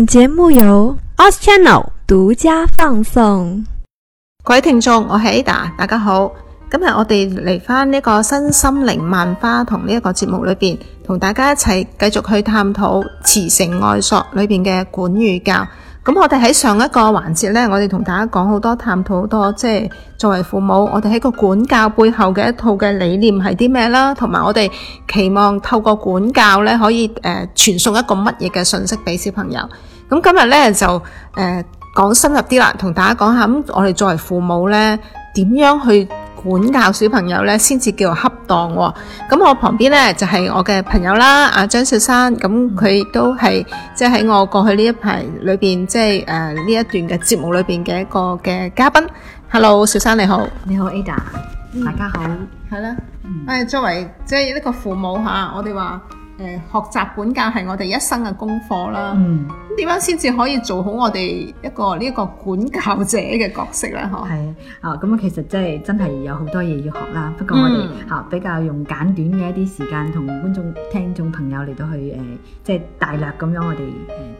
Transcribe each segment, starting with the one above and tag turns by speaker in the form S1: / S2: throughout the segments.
S1: 本節目由 OS Channel 獨家放送，各位聽眾，我係 Ada，大家好。今日我哋嚟返呢個新心靈萬花同呢一個節目裏邊，同大家一齊繼續去探討慈繩愛索裏邊嘅管與教。咁我哋喺上一個環節呢，我哋同大家講好多、探討好多，即係作為父母，我哋喺個管教背後嘅一套嘅理念係啲咩啦，同埋我哋期望透過管教呢，可以誒傳送一個乜嘢嘅信息俾小朋友。咁今日咧就誒，呃、講深入啲啦，同大家講下咁，我哋作為父母咧，點樣去管教小朋友咧，先至叫做恰當喎，哦。咁我旁邊咧就係、是，我嘅朋友啦，阿張小山，咁佢都係即係喺我過去呢一排裏邊，即係誒呢一段嘅節目裏邊嘅一個嘅嘉賓。Hello，小山你好，你好 Ada，嗯、大家好，係啦了。誒、嗯，作為即係呢個父母嚇，我哋話。誒，學習管教係我哋一生嘅功課啦。嗯，咁點樣先至可以做好我哋一個呢一個管教者嘅角色咧？嗬，係
S2: 啊，咁啊，其實即係真係有好多嘢要學啦。不過我哋吓比較用簡短嘅一啲時間，同觀眾聽眾朋友嚟到去誒，即係大略咁樣，我哋誒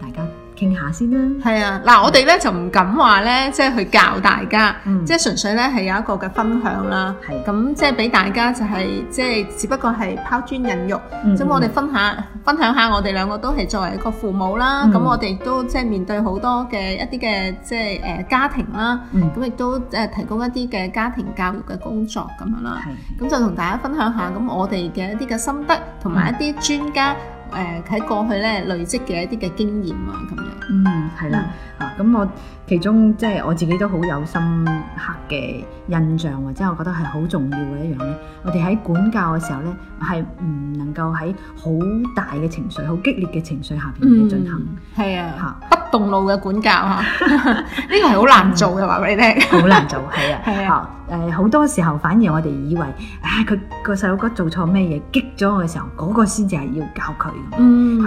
S2: 大家。傾下
S1: 先啦。係啊，嗱，我哋咧就唔敢話咧，即係去教大家，即係純粹咧係有一個嘅分享啦。係，咁即係俾大家就係即係，只不過係拋磚引玉。咁我哋分下分享下，我哋兩個都係作為一個父母啦。咁我哋都即係面對好多嘅一啲嘅即係誒家庭啦。咁亦都誒提供一啲嘅家庭教育嘅工作咁樣啦。咁就同大家分享下，咁我哋嘅一啲嘅心得同埋一啲專家。誒，喺、呃、過去咧累積嘅一啲嘅經驗啊咁樣
S2: 嗯，係啦，嗯、啊
S1: 咁我。其中
S2: 即係我自己都好有深刻嘅印象，或者我覺得係好重要嘅一樣咧。我哋喺管教嘅時候咧，係唔能夠喺好大嘅情緒、好激烈嘅情緒下邊去進行。係、嗯、啊，
S1: 啊哈，哈，不動怒嘅管教啊。呢個
S2: 係好難做嘅話俾你聽。好難做，係啊，嚇誒好多時候反而我哋以為，唉，佢個細路哥做錯咩嘢，激咗我嘅時候，嗰、嗰個先至係要教佢、嗯嗯。嗯，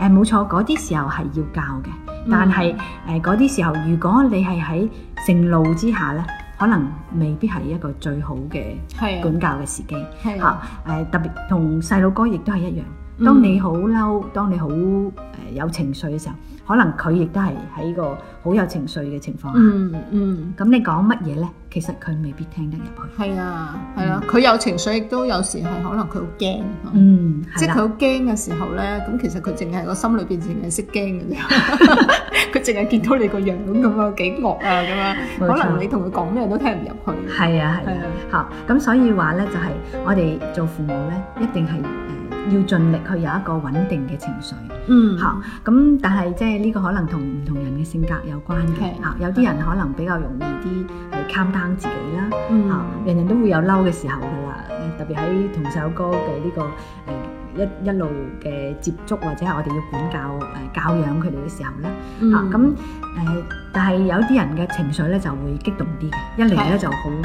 S2: 嚇誒冇錯，嗰啲時候係要教嘅。但係，誒嗰啲時候，如果你係喺盛怒之下咧，可能未必係一個最好嘅管教嘅時機嚇。誒、啊呃、特別同細路哥亦都係一樣，
S1: 當你好
S2: 嬲，嗯、當你好誒有情緒嘅時候。可能佢亦都係喺個好有情緒嘅情況下，嗯嗯。咁、嗯嗯、你講乜嘢咧？其實佢未必聽得入去。係啊，
S1: 係啊，佢、嗯、有情緒亦都有時係可能佢好驚，嗯，啊、即係佢好驚嘅時候咧，咁其實佢淨係個心裏邊淨係識驚嘅啫，佢淨係見到你個樣咁啊幾惡啊咁啊， 可能你同佢講咩都聽唔入去。係啊係啊，嚇咁、啊啊、所以話咧
S2: 就係我哋做父母咧一定係。要盡力去有一個穩定嘅情緒，嚇咁、嗯。但係即係呢個可能同唔同人嘅性格有關嘅嚇 Okay.。有啲人可能比較容易啲，係氹 down 自己啦嚇、嗯。人人都會有嬲嘅時候㗎啦，特別喺同首歌嘅呢、這個誒。呃一一路嘅接觸或者係我哋要管教誒、呃、教養佢哋嘅時候咧嚇咁誒，但係、呃、有啲人嘅情緒咧就會激動啲嘅，一嚟咧對就好猛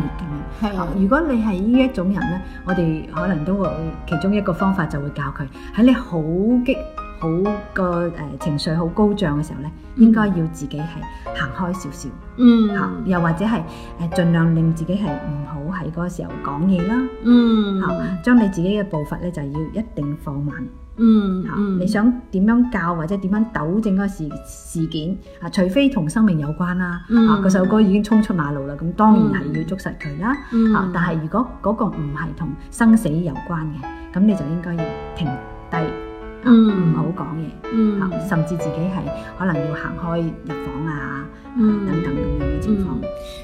S2: 烈咁樣。係的、啊、如果你係呢一種人咧，我哋可能都會其中一個方法就會教佢喺你好激。好個誒、呃、情緒好高漲嘅時候呢，應該要自己係行開少少，嚇、嗯啊，又或者係誒盡量令自己係唔好喺嗰個時候講嘢啦，嚇、嗯啊，將你自己嘅步伐呢，就要一定放慢，嗯，嚇、嗯啊，你想點樣教或者點樣糾正嗰個事事件啊？除非同生命有關啦，嚇、啊，嗰、嗯啊、首歌已經衝出馬路啦，咁當然係要捉實佢啦，嚇、啊，但係如果嗰個唔係同生死有關嘅，咁你就應該要停低。唔好講嘢，甚至自己係可能要行開入房啊，等等咁樣嘅情況。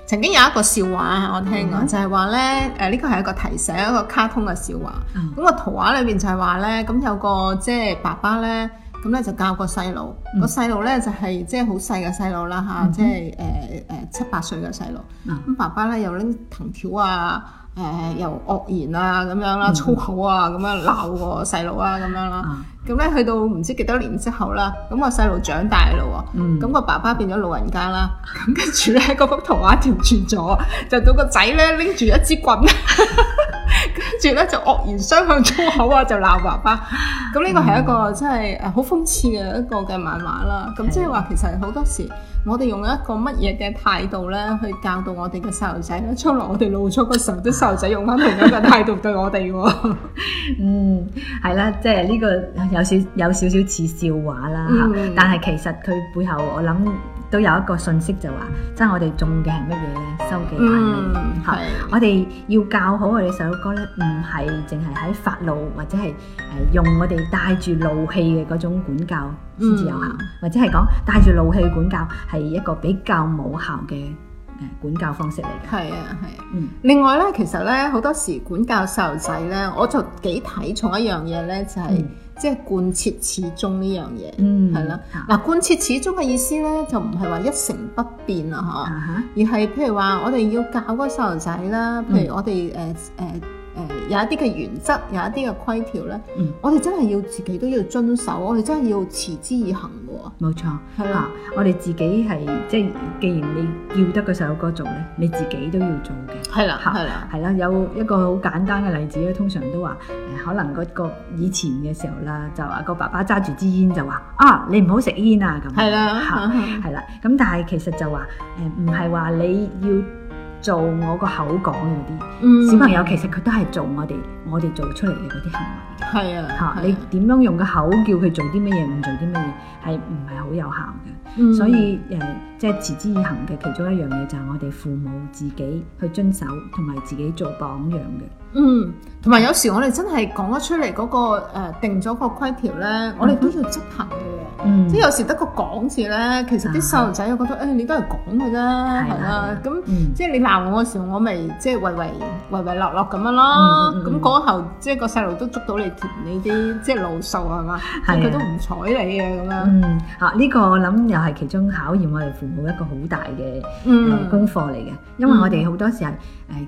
S1: 曾經有一個笑話我聽過，就係話咧，誒呢個係一個提醒，一個卡通嘅笑話。咁個圖畫裏邊就係話咧，咁有個即係爸爸咧，咁咧就教個細路，個細路咧就係即係好細嘅細路啦嚇，即係誒誒七八歲嘅細路。咁爸爸咧又拎藤條啊～誒、呃、又惡言啊咁樣啦，嗯、粗口啊咁樣鬧個細路啊咁、啊、樣啦，咁咧、嗯、去到唔知幾多年之後啦，咁個細路長大嘞喎，咁個、嗯、爸爸變咗老人家啦，咁跟住咧嗰幅圖畫調轉咗，就到個仔咧拎住一支棍。 跟住咧就惡言相向、粗口啊，就鬧爸爸。咁呢個係一個、嗯、真係誒好諷刺嘅一個嘅漫畫啦。咁即係話其實好多時，我哋用一個乜嘢嘅態度咧，去教導我哋嘅細路仔咧，將來我哋老咗嘅時候，啲細路仔用翻同樣嘅態度對我哋喎、
S2: 啊。嗯，係啦，即係呢個有少有少少似笑話啦嚇，嗯、但係其實佢背後我諗。都有一個信息就話，即係我哋種嘅係乜嘢咧？收幾大我哋要教好我哋細路哥咧，唔係淨係喺發怒，或者係誒用我哋帶住怒氣嘅嗰種管教先至有效，嗯、或者係講帶住怒氣管教係一個比較冇效嘅管教方式嚟嘅。係啊，係、
S1: 啊。嗯。另外呢，其實呢好多時管教細路仔呢，我就幾睇重一樣嘢呢，就係、係嗯。即係貫徹始終呢樣嘢，係啦。嗱，貫徹始終嘅意思咧，就唔係話一成不變啊嚇哈，而係譬如話我哋要教個細路仔啦，譬如我哋誒誒。嗯呃呃有一啲嘅原則，有一啲嘅規條咧，嗯、我哋真係要自己都要遵守，我哋真係要持之以恒喎。冇錯，係啦是、啊，我哋自己係即係，既
S2: 然你要得個細路哥做咧，你自己都要做嘅。係啦，
S1: 係啦，係
S2: 啦，有一個好簡單嘅例子咧，通常都話，可能嗰個以前嘅時候啦，就話個爸爸揸住支煙就話，啊，你唔好食煙啊咁。係啦，係啦，咁但係其實就話，誒，唔係話你要。做我個口講嗰啲，嗯、小朋友其實佢都係做我哋我哋做出嚟嘅嗰啲行為。
S1: 係嘅啊，嚇
S2: 嘅你點樣用個口叫佢做啲乜嘢，唔做啲乜嘢，係唔係好有效嘅？嗯、所以誒，即係持之以恒嘅其中一樣嘢就係我哋父母自己去遵守同埋自己做榜樣嘅。
S1: 嗯，同埋有時我哋真係講咗出嚟嗰個定咗個規條咧，我哋都要執行嘅。即係有時得個講字咧，其實啲細路仔又覺得誒，你都係講嘅啫，係啦。咁即係你鬧我嘅時候，我咪即係唯唯唯唯諾諾咁樣咯。咁嗰後即係個細路都捉到你填你啲即係老數係嘛？佢都唔睬你嘅咁
S2: 樣。嗯，啊呢個我諗又係其中考驗我哋父母一個好大嘅功課嚟嘅，因為我哋好多時係誒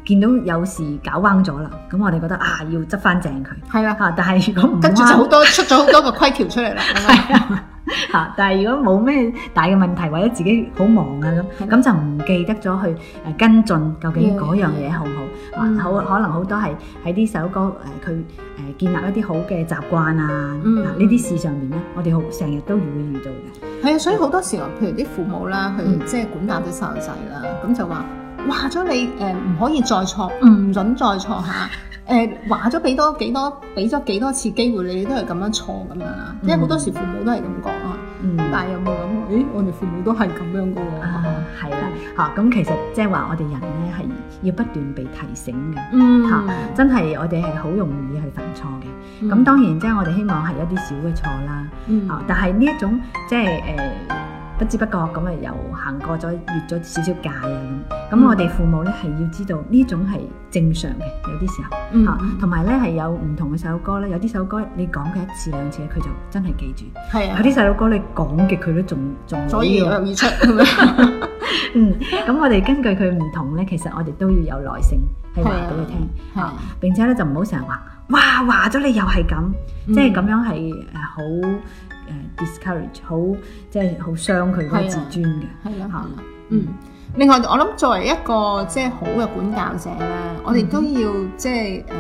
S2: 見到有時搞彎咗啦。咁我哋覺得啊，要執翻正佢。係啦嚇，但係如果唔跟住就好多 出咗好多個規條出嚟啦。係啊嚇，的但係如果冇咩大嘅問題，或者自己好忙啊咁，咁的就唔記得咗去誒跟進究竟嗰樣嘢好唔好啊？好的、嗯、可能好多係喺呢首歌誒，佢誒建立一啲好嘅習慣啊，呢啲、嗯、事上面咧，我哋好成日都會遇到
S1: 嘅。係啊、嗯，所以好多時候，譬如啲父母啦，去即係管教啲細路仔啦，咁就話。話咗你誒唔、呃、可以再錯，唔准再錯吓。誒話咗俾多幾多，俾咗幾多次機會，你都係咁樣錯咁樣啦。嗯、因為好多時父母都係咁講啊，嗯、但係有冇諗？誒，我哋父母都係咁樣噶啊，係
S2: 啦、啊，吓咁其實即係話我哋人咧係要不斷被提醒嘅，吓、嗯啊、真係我哋係好容易去犯錯嘅。咁、嗯、當然即係我哋希望係一啲小嘅錯啦，吓、嗯啊、但係呢一種即係誒。即係不知不覺咁啊，又行過咗，越咗少少界嘅咁。
S1: 咁我哋父
S2: 母咧，係要知道呢種係正常嘅，有啲時候吓，mm hmm. 啊、呢同埋咧，係有唔同嘅首歌咧，有啲首歌你講佢一次兩次，佢就真係記住。係啊，有啲細路哥你講嘅，佢都仲仲所以容易出。 嗯，咁我哋根據佢唔同咧，其實我哋都要有耐性，係話俾佢聽啊，並且咧就唔好成日話。哇，話咗你又係咁、嗯 uh，即係咁樣係誒好誒 discourage，好即係好傷佢個自尊嘅嚇。嗯，嗯，
S1: 另外我諗作為一個即係好嘅管教者啦，我哋都要、嗯、哼即係誒。呃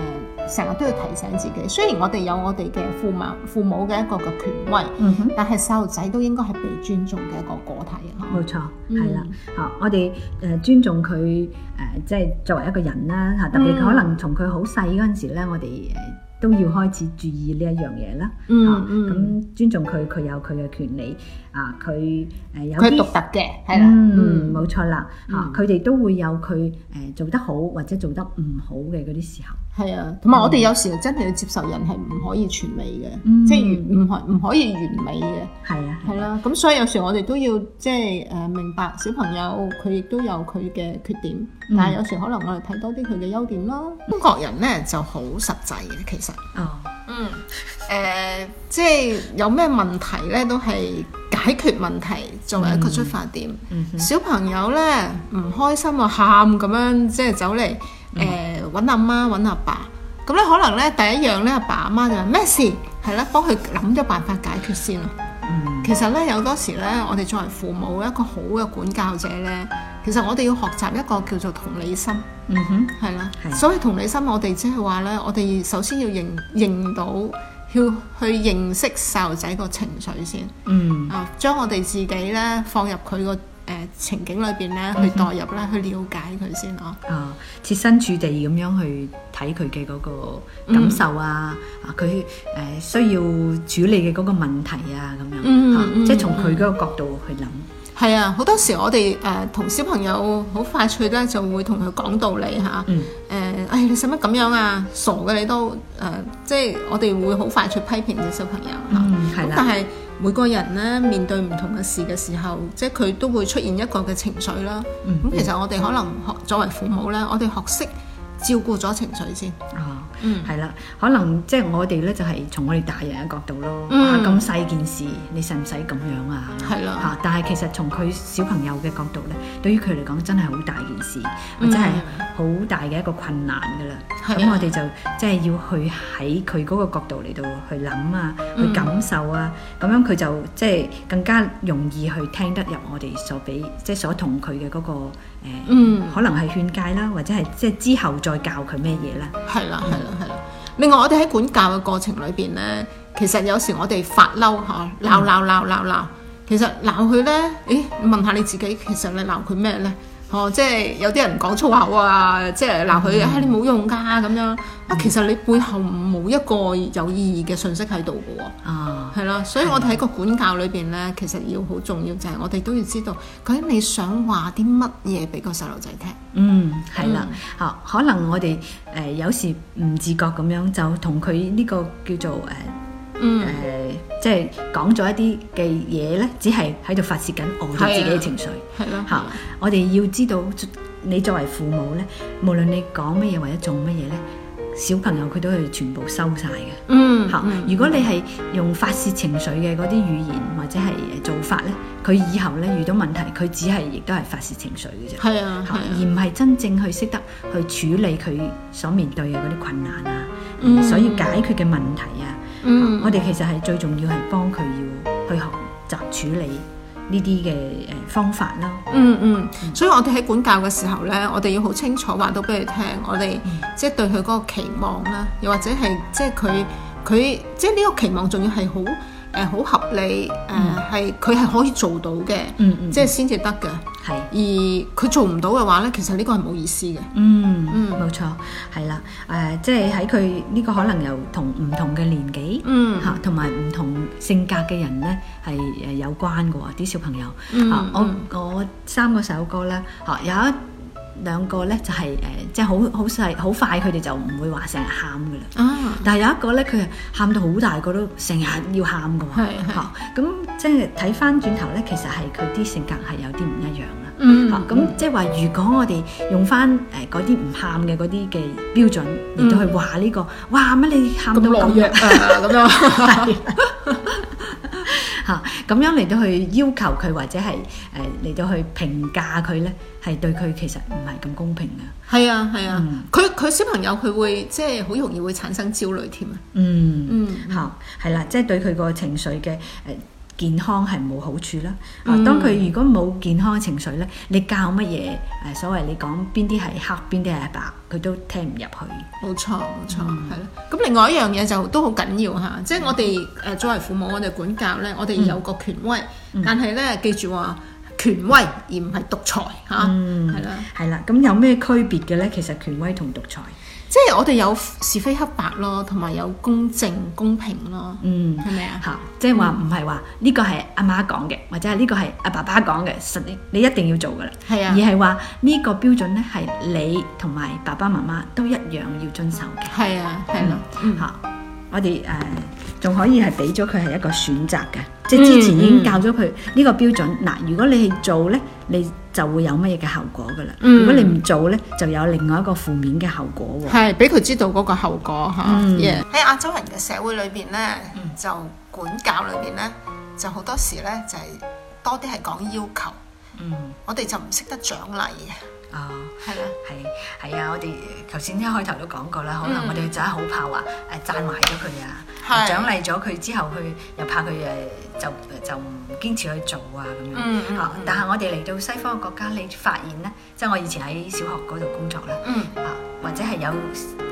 S1: 成日都要提醒自己，雖然我哋有我哋嘅父母父母嘅一個嘅權威，嗯、哼但係細路仔都應該係被尊重嘅一個個體，冇、嗯、錯，係啦，啊，
S2: 我哋誒尊重佢誒、呃，即係作為一個人啦嚇，特別可能從佢好細嗰陣時咧，嗯、我哋誒都要開始注意呢一樣嘢啦。嗯嗯，咁尊重佢，佢有佢嘅權利。啊，佢誒有佢獨特
S1: 嘅，係啦，嗯，冇吧、
S2: 嗯、錯啦，嚇、嗯，佢哋、啊、都會有佢誒做得好或者做得唔好嘅嗰啲時候。
S1: 係啊，同埋我哋有時又真係要接受人係唔可、嗯、可以完美嘅，即係完唔可唔可以完美嘅。係啊，係啦、啊，咁、啊啊、所以有時我哋都要即係誒明白小朋友佢亦都有佢嘅缺點，嗯、但係有時可能我哋睇多啲佢嘅優點囉。中國人咧就好實際嘅，其實。哦。嗯，誒、呃，即係有咩問題咧，都係解決問題作為一個出發點。嗯嗯、小朋友咧唔開心啊，喊咁樣，即係走嚟誒，搵阿媽搵阿爸。咁咧可能咧第一樣咧，阿爸阿媽就話咩事？係咧，幫佢諗咗辦法解決先咯。Mm hmm. 其實咧，有多時咧，我哋作為父母一個好嘅管教者咧，其實我哋要學習一個叫做同理心。嗯哼、mm，係、hmm. 啦的。所以同理心，我哋即係話咧，我哋首先要認認到，要去認識細路仔個情緒先。嗯、mm。Hmm. 啊，將我哋自己咧放入佢個。誒情景裏邊咧，去代入啦，去了解佢先哦。啊，
S2: 設身處地咁樣去睇佢嘅嗰個感受啊，啊，佢誒需要處理嘅嗰個問題
S1: 啊，咁樣即係從佢
S2: 嗰個角度去諗。
S1: 係啊，好多時我哋誒同小朋友好快脆咧，就會同佢講道理嚇。誒，哎，你使乜咁樣啊？傻嘅你都誒，即係我哋會好快脆批評啲小朋友嚇。嗯，係啦。每個人咧，面對唔同嘅事嘅時候，即係佢都會出現一個嘅情緒啦。咁、嗯、其實我哋可能學作為父母咧，嗯、我哋學識照顧咗情緒先。嗯，係啦，可能即係我哋咧就係從我哋大人嘅角度咯，咁細
S2: 件事你使唔使咁樣啊？係啦，嚇！但係其實從佢小朋友嘅角度咧，對於佢嚟講真係好大件事，或者係好大嘅一個困難噶啦。咁我哋就即係要去喺佢嗰個角度嚟到去諗啊，去感受啊，咁樣佢就即係更加容易去聽得入我哋所俾，即係所同佢嘅嗰個誒，可能係勸戒啦，或者係即係之後再教佢咩嘢啦。係啦，係啦。
S1: 係啦，另外我哋喺管教嘅過程裏邊咧，其實有時我哋發嬲吓，鬧鬧鬧鬧鬧，其實鬧佢咧，誒，問下你自己，其實你鬧佢咩咧？哦，即係有啲人講粗口啊，即係鬧佢，你冇用噶咁、啊、樣。其實你背後冇一個有意義嘅信息喺度嘅喎。啊，係啦，所以我哋喺個管教裏邊咧，啊、其實要好重要就係我哋都要知道，究竟你想話啲乜嘢俾個細路仔聽。
S2: 嗯，係啦，啊、嗯，
S1: 可能我哋
S2: 誒、嗯呃、有時唔自覺咁樣就同佢呢個叫做誒。呃嗯，誒、呃，即係講咗一啲嘅嘢咧，只係喺度發泄緊，我、呃、住自己嘅情緒，係咯嚇。好我哋要知道，你作為父母咧，無論你講乜嘢或者做乜嘢咧，小朋友佢都係全部收晒嘅。嗯嚇，好嗯，如果你係用發泄情緒嘅嗰啲語言或者係做法咧，佢以後咧遇到問題，佢只係亦都係發泄情緒嘅啫，係啊，而唔係真正去識得去處理佢所面對嘅嗰啲困難啊，
S1: 嗯嗯、所要解
S2: 決嘅問題啊。嗯，嗯， 我哋其實係最重要係幫佢要去學習處理呢啲嘅誒方法啦。嗯嗯，
S1: 所以我哋喺管教嘅時候咧，我哋要好清楚話到俾佢聽，嗯、我哋即係對佢嗰個期望啦，又或者係即係佢佢即係呢個期望，仲要係好誒好合理誒，係佢係可以做到嘅，嗯嗯即係先至得嘅。係，是而佢做唔到嘅話咧，其實呢個係冇意思嘅。嗯嗯，冇、嗯、錯，係啦。誒、呃，即
S2: 係喺佢呢個可能又同唔同嘅年紀，嚇、嗯，同埋唔同性格嘅人咧係誒有關嘅喎。啲小朋友嚇、嗯啊，我我三個首歌咧嚇、啊、有一。兩個咧就係、是、誒、呃，即係好好細好快，佢哋就唔會話成日喊嘅啦。啊！但係有一個咧，佢喊到好大個都成日要喊嘅。係係是是、啊。咁即係睇翻轉頭咧，其實係佢啲性格係有啲唔一樣啦。嗯、啊。嚇！咁即係話，如果我哋用翻誒嗰啲唔喊嘅嗰啲嘅標準嚟到去話呢、這個，哇！乜你喊到咁弱？咁、啊、樣。 是 吓咁樣嚟到去要求佢或者係誒嚟到去評價佢咧，係對佢其實唔係咁公平㗎。係啊
S1: 係啊，佢佢、啊嗯、小朋友佢會即係好容易會產生焦慮添啊。嗯嗯吓係、嗯、啦，即係對佢個情緒嘅
S2: 誒。呃健康係冇好處啦、啊。當佢如果冇健康嘅情緒咧，嗯、你教
S1: 乜嘢？誒，所謂你講邊啲係黑，邊啲係白，佢都聽唔入去。冇錯，冇錯，係咯、嗯。咁另外一樣嘢就都好緊要嚇，嗯、即係我哋誒作為父母，我哋管教咧，我哋有個權威，嗯、但係咧記住話權威而唔係獨裁嚇，係啦，係啦、嗯。咁的有咩區別嘅咧？其實權威同獨裁。即係我哋有是非黑白咯，同埋有公正公平咯，嗯，係咪啊？吓，即係話唔
S2: 係話呢個係阿媽講嘅，或者係呢個係阿爸爸講嘅，實你，你一定要做噶啦。係啊，而係話呢個標準咧係你同埋爸爸媽媽都一樣要遵守嘅。係啊，係咯，吓，我哋誒仲可以係俾咗佢係一個選擇嘅，嗯、即係之前已經教咗佢呢個標準。嗱、嗯，嗯、如果你係做咧，你，就會有乜嘢嘅後果㗎喇，嗯、如果你唔做咧，就有另外一個負面嘅後果喎。係，
S1: 俾佢知道嗰個後果吓。喺、嗯、Yeah. 亞洲人嘅社會裏邊咧，就管教裏邊咧，就好多時咧就係、是、多啲係講要求。嗯、我哋就唔識得獎勵。
S2: 哦，係啦的，係，係啊！我哋頭先一開頭都講過啦，嗯、可能我哋就係好怕話誒讚壞咗佢啊，獎的勵咗佢之後，佢又怕佢誒就就唔堅持去做啊咁樣嗯。嗯，哦、但係我哋嚟到西方國家，你發現咧，即係我以前喺小學嗰度工作啦。嗯，啊、呃。或者係有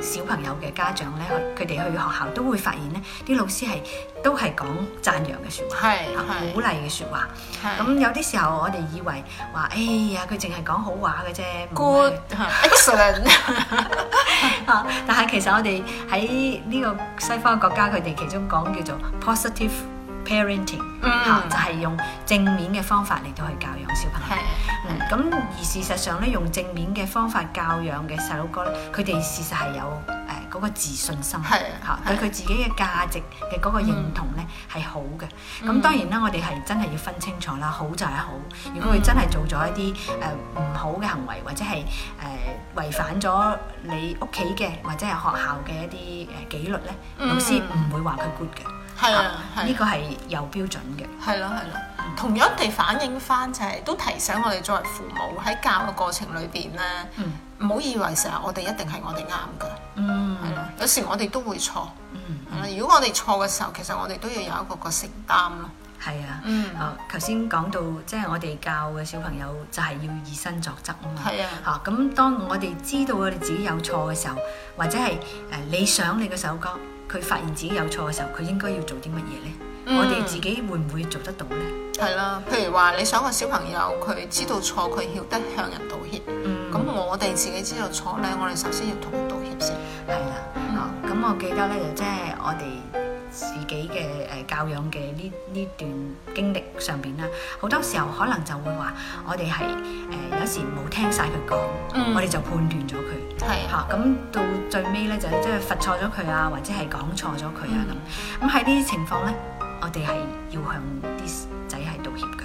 S2: 小朋友嘅家長咧，佢佢哋去學校都會發現咧，啲老師係都係講讚揚嘅説話，係鼓勵嘅説話。咁是有啲時候我哋以為話，哎呀，佢淨係講好話嘅啫，good, excellent。但係其實我哋喺呢個西方國家，佢哋其中講叫做 positive Parenting 嚇、嗯、就係用正面嘅方法嚟到去教養小朋友。咁而事實上咧，用正面嘅方法教養嘅細路哥咧，佢哋事實係有誒嗰、呃那個自信心嚇，的的對佢自己嘅價值嘅嗰、那個認同咧係、嗯、好嘅。咁當然啦，我哋係真係要分清楚啦。好就係好。如果佢真係做咗一啲誒唔好嘅行為，或者係誒違反咗你屋企嘅或者係學校
S1: 嘅一啲誒紀律咧，老師唔會話佢 good 嘅。係啊，呢、啊啊、個係有標準嘅。係咯、啊，係咯、啊。嗯、同樣地反映翻就係、是、都提醒我哋作為父母喺教嘅過程裏邊咧，唔好、嗯、以為成日我哋一定係我哋啱㗎。嗯，係啦、啊。有時我哋都會錯。嗯，嗯如果我哋錯嘅時候，其實我哋都要有一個個承擔咯。係啊。嗯。啊，頭先講到即係、就是、我哋教嘅小朋友就係要以身
S2: 作則啊嘛。係啊。啊，咁當我哋知道我哋自己有錯嘅時候，或者係誒你想你嘅首歌。佢發現自己有錯嘅時候，佢應該要做啲乜嘢呢？嗯、我哋自己會唔會做得到呢？
S1: 係啦，譬如話，你想個小朋友佢知道錯，佢曉得向人道歉。咁、嗯、我哋自己知道錯呢，我哋首先要同佢道歉先。係啦
S2: 了，咁、嗯、我記得呢，就即、是、係我哋。自己嘅誒教養嘅呢呢段經歷上邊啦，好多時候可能就會話我哋係誒有時冇聽晒佢講，嗯、我哋就判斷咗佢，嚇咁的、啊、到最尾咧就即、是、係罰錯咗佢啊，或者係講錯咗佢啊咁。咁喺呢啲情況咧，我哋係要
S1: 向啲仔係道歉嘅。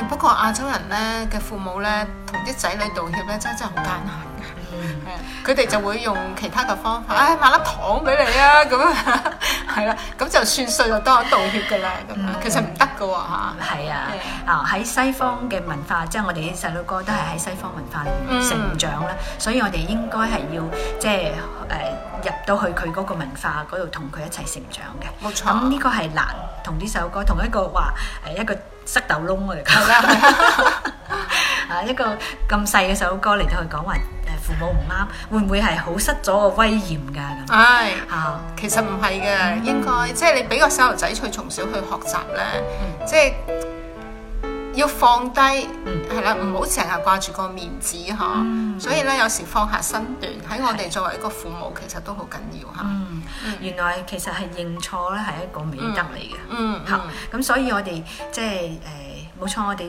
S1: 係不過亞洲人咧嘅父母咧，同啲仔女道歉咧真真係好艱難嘅，佢哋就會用其他嘅方法，誒、哎、買粒糖俾你啊咁啊～ 係啦，咁就算數就當我道歉嘅啦。咁、 嗯、 其實
S2: 唔得嘅喎嚇。係啊，啊喺、嗯啊、西方嘅文化，即係我哋啲細路哥都係喺西方文化裏成長啦，嗯、所以我哋應該係要即係誒、呃、入到去佢嗰個文化嗰度同佢一齊成長嘅。冇錯錯，呢個係難同呢首歌同一個話誒一個塞豆窿嚟講啦。啊， 一個咁細嘅首歌嚟到去講話。父母唔啱，會唔會係好失咗個威嚴噶咁？係
S1: 呀，其實唔係嘅，應該即係你俾個細路仔佢從小去學習咧，即係要放低，係啦，唔好成日掛住個面子吓。所以咧，有時放下身段喺我哋作為一個父母，其實都好緊要吓。原來其實係認錯咧係一個美德嚟嘅。嗯，吓咁，所
S2: 以我哋即係誒，冇錯，我哋。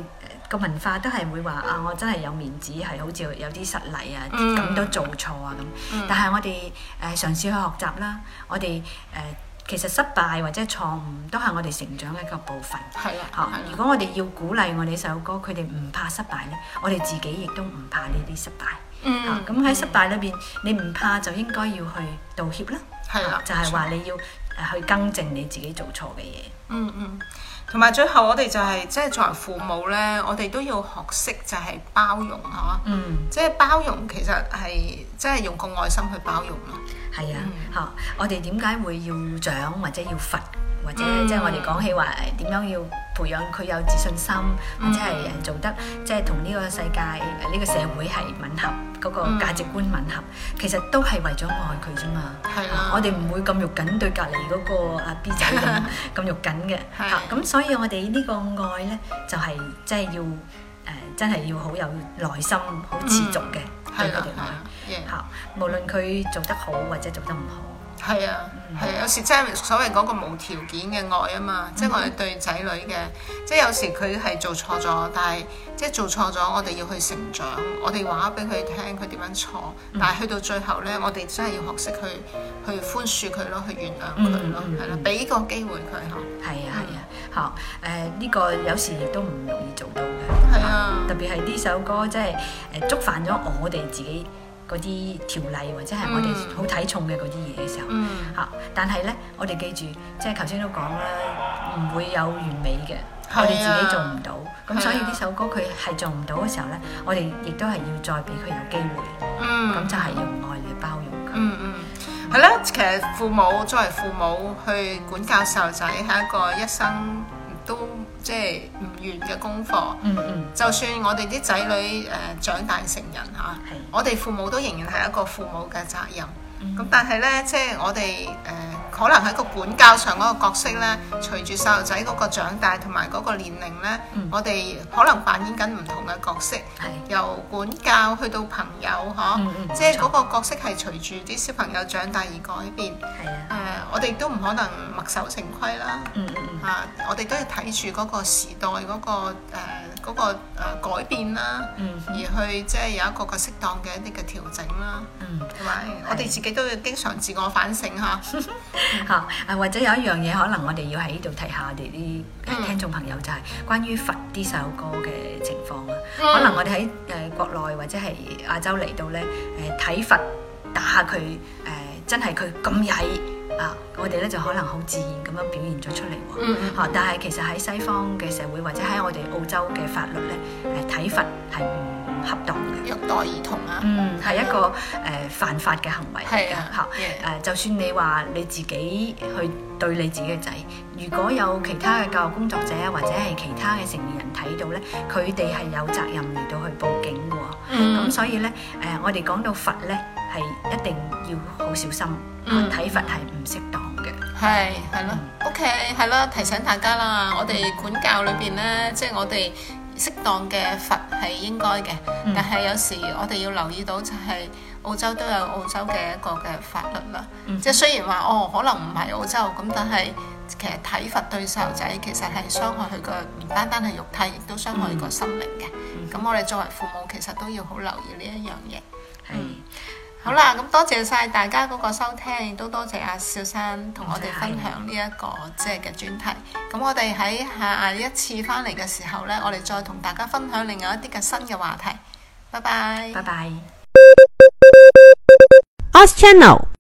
S2: 個文化都係會話啊！我真係有面子，係好似有啲失禮啊，咁都、嗯、做錯啊咁。嗯、但係我哋誒、呃、嘗試去學習啦，我哋誒、呃、其實失敗或者錯誤都係我哋成長嘅一個部分。係啦、嗯，嚇、啊！如果我哋要鼓勵我哋細路哥，佢哋唔怕失敗咧，我哋自己亦都唔怕呢啲失敗。咁喺、嗯啊、失敗裏邊，嗯、你唔怕就應該要去道歉
S1: 啦。係、嗯、的就係話你要去更正你自己做錯嘅嘢。嗯嗯。嗯嗯。同埋最後我、就是，我哋就係即係作為父母咧，我哋都要學識就係包容呵，嗯、即係包容其實係即係用個愛心去包容。
S2: 係啊，嚇！我哋點解會要獎或者要罰，或者即係我哋講起話點樣要培養佢有自信心，嗯、或者係做得即係、即係、同呢個世界、呢、呢個社會係吻合嗰、嗰個價值觀吻合，嗯、其實都係為咗愛佢啫嘛。係啊，嗯、啊我哋唔會咁肉緊對隔離嗰個阿 B 仔咁咁肉緊嘅。係咁、 啊、所以我哋呢個愛咧，就係即係要誒、呃，真係要好有耐心、好持續嘅對佢哋愛。嗯
S1: 嚇 Yeah.！無論佢
S2: 做得好或者做得唔好，係啊，係、mm
S1: hmm. 啊、有時真係所謂嗰個無條件嘅愛啊嘛，mm hmm. 即係我哋對仔女嘅，即係有時佢係做錯咗，但係即係做錯咗，我哋要去成長，我哋話俾佢聽佢點樣錯，mm hmm. 但係去到最後呢，我哋真係要學識去去寬恕佢咯，去原諒佢咯，係啦、mm，俾、hmm. 啊啊、個機會佢嚇。係、mm hmm. 啊係啊嚇！
S2: 誒呢、呃這個有時亦都唔容易做到嘅，係、mm hmm. 啊，特別係呢首歌即係誒觸犯咗我哋自己。嗰啲條例或者係我哋好睇重嘅嗰啲嘢嘅時候，嚇、嗯啊，但係咧，我哋記住，即係頭先都講啦，唔會有完美嘅，嗯、
S1: 我哋自己做唔
S2: 到，咁、嗯、所以呢首歌佢係做唔到嘅時候咧，嗯、我哋亦都係要再俾佢有機會，咁、嗯、就係用愛嚟包容
S1: 佢。嗯嗯，係啦，其實父母作為父母去管教細路仔係一個一生都，即係唔完嘅功課，嗯嗯、mm，hmm. 就算我哋啲仔女誒、mm hmm. 呃、長大成人嚇，啊 mm hmm. 我哋父母都仍然係一個父母嘅責任。咁、mm hmm. 但係咧，即係我哋誒。呃可能喺個管教上嗰個角色咧，隨住細路仔嗰個長大同埋嗰個年齡咧，嗯、我哋可能扮演緊唔同嘅角色，是由管教去到朋友，嗬，即係嗰個角色係隨住啲小朋友長大而改變。誒、啊呃，我哋都唔可能墨守成規啦。啊、嗯嗯呃，我哋都要睇住嗰個時代嗰、嗰個、呃嗰、那個、呃、改變啦，嗯嗯、而去即係有一個個適當嘅一啲嘅調整啦，同埋我哋自己都要經常自我反省下
S2: 嚇誒，或者有一樣嘢可能我哋要喺呢度提下我哋啲聽眾朋友就係、是、關於佛呢首歌嘅情況啊。嗯、可能我哋喺誒國內或者係亞洲嚟到咧誒睇佛打佢誒、呃，真係佢咁曳。啊！我哋咧就可能好自然咁樣表現咗出嚟喎。嚇、嗯啊，但係其實喺西方嘅社會，或者喺我哋澳洲嘅法律咧，誒體罰係唔恰當嘅，虐待兒童啊。
S1: 嗯，係一個誒
S2: 的、呃、犯法嘅行為嚟㗎。嚇，誒就算你話你自己去對你自己嘅仔，如果有其他嘅教育工作者或者係其他嘅成年人睇到咧，佢哋係有責任嚟到去報警㗎。嗯。咁所以咧，誒、呃、我哋講到罰咧，係一定要好小心。體罰
S1: 係唔適當嘅，係係咯，OK 係咯，提醒大家啦，嗯、我哋管教裏邊咧，即、就、係、是、我哋適當嘅罰係應該嘅，嗯、但係有時我哋要留意到就係澳洲都有澳洲嘅一個嘅法律啦，嗯、即係雖然話哦可能唔係澳洲咁，但係其實體罰對細路仔其實係傷害佢個唔單單係肉體，亦都傷害佢個心靈嘅。咁、嗯嗯、我哋作為父母其實都要好留意呢一樣嘢，係、嗯。好啦，咁多謝晒大家嗰個收聽，亦都多謝阿少生同我哋分享呢、這、一個即係嘅專題。咁我哋喺下一次翻嚟嘅時候呢，我哋再同大家分享另外一啲嘅新嘅話題。拜拜，拜拜
S2: bye。o c h a n